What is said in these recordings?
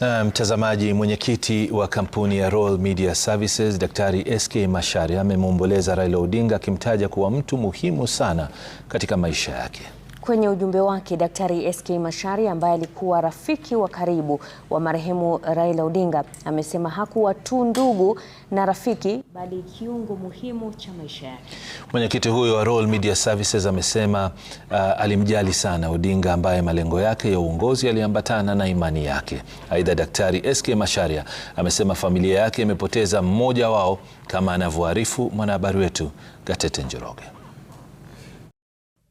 Na mtazamaji, mwenyekiti wa kampuni ya Royal Media Services Daktari SK Macharia amemwomboleza Raila Odinga akimtaja kuwa mtu muhimu sana katika maisha yake. Kwenye ujumbe wake, Daktari SK Mashari ambaye alikuwa rafiki wa karibu wa marehemu Raila Odinga amesema hakuwa tu ndugu na rafiki bali kiungo muhimu cha maisha yake. Mwenyekiti huyo wa Royal Media Services amesema uh, alimjali sana Odinga ambaye malengo yake ya uongozi yaliambatana na imani yake. Aidha, Daktari SK masharia amesema familia yake imepoteza mmoja wao kama anavyoarifu mwanahabari wetu Gatete Njoroge.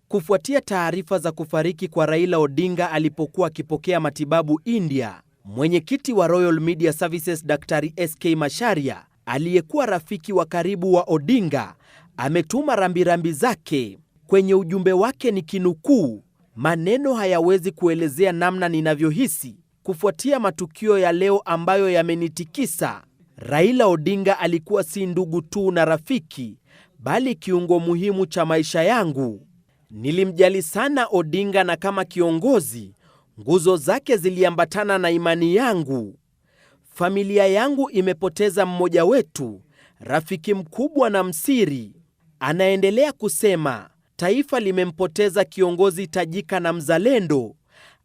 Kufuatia taarifa za kufariki kwa Raila Odinga alipokuwa akipokea matibabu India, mwenyekiti wa Royal Media Services Daktari SK masharia aliyekuwa rafiki wa karibu wa Odinga ametuma rambirambi zake. Kwenye ujumbe wake ni kinukuu maneno hayawezi kuelezea namna ninavyohisi kufuatia matukio ya leo ambayo yamenitikisa. Raila Odinga alikuwa si ndugu tu na rafiki, bali kiungo muhimu cha maisha yangu. Nilimjali sana Odinga na kama kiongozi, nguzo zake ziliambatana na imani yangu. Familia yangu imepoteza mmoja wetu, rafiki mkubwa na msiri. Anaendelea kusema, taifa limempoteza kiongozi tajika na mzalendo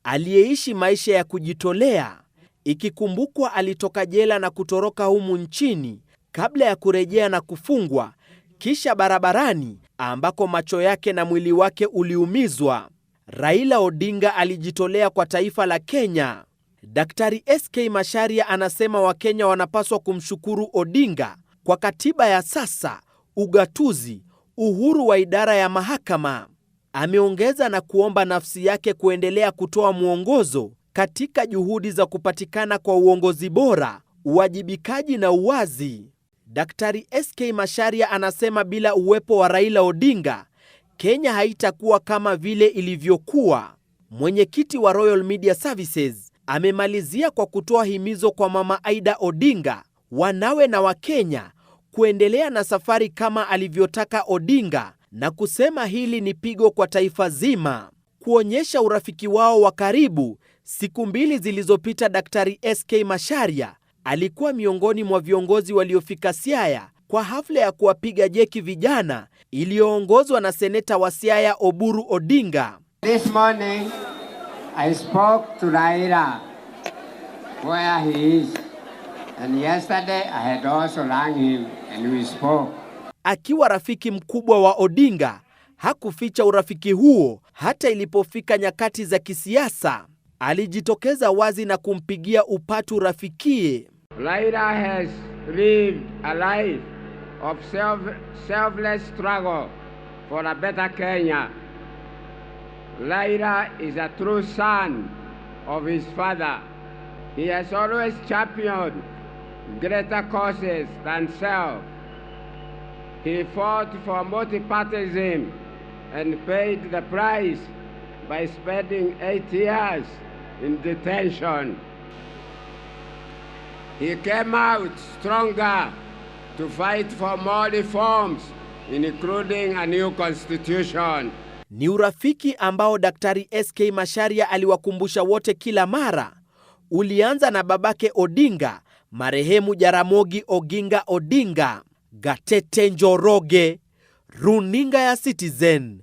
aliyeishi maisha ya kujitolea. Ikikumbukwa alitoka jela na kutoroka humu nchini kabla ya kurejea na kufungwa, kisha barabarani ambako macho yake na mwili wake uliumizwa, Raila Odinga alijitolea kwa taifa la Kenya. Daktari SK masharia anasema Wakenya wanapaswa kumshukuru Odinga kwa katiba ya sasa, ugatuzi, uhuru wa idara ya mahakama. Ameongeza na kuomba nafsi yake kuendelea kutoa mwongozo katika juhudi za kupatikana kwa uongozi bora, uwajibikaji na uwazi. Daktari SK masharia anasema bila uwepo wa Raila Odinga, Kenya haitakuwa kama vile ilivyokuwa. Mwenyekiti wa Royal Media Services amemalizia kwa kutoa himizo kwa Mama Aida Odinga, wanawe na Wakenya kuendelea na safari kama alivyotaka Odinga na kusema hili ni pigo kwa taifa zima. Kuonyesha urafiki wao wa karibu siku mbili zilizopita, Daktari SK Masharia alikuwa miongoni mwa viongozi waliofika Siaya kwa hafla ya kuwapiga jeki vijana iliyoongozwa na seneta wa Siaya Oburu Odinga. This morning I spoke to Raila where he is and yesterday I had also rang him and we spoke. Akiwa rafiki mkubwa wa Odinga hakuficha urafiki huo hata ilipofika nyakati za kisiasa alijitokeza wazi na kumpigia upatu rafikie. Raila has lived a life of self, selfless struggle for a better Kenya. Raila is a true son of his father. He has always championed greater causes than self. He fought for multipartism and paid the price by spending eight years in detention. He came out stronger to fight for more reforms including a new constitution. Ni urafiki ambao Daktari SK Masharia aliwakumbusha wote kila mara. Ulianza na babake Odinga, marehemu Jaramogi Oginga Odinga. Gatete Njoroge, Runinga ya Citizen.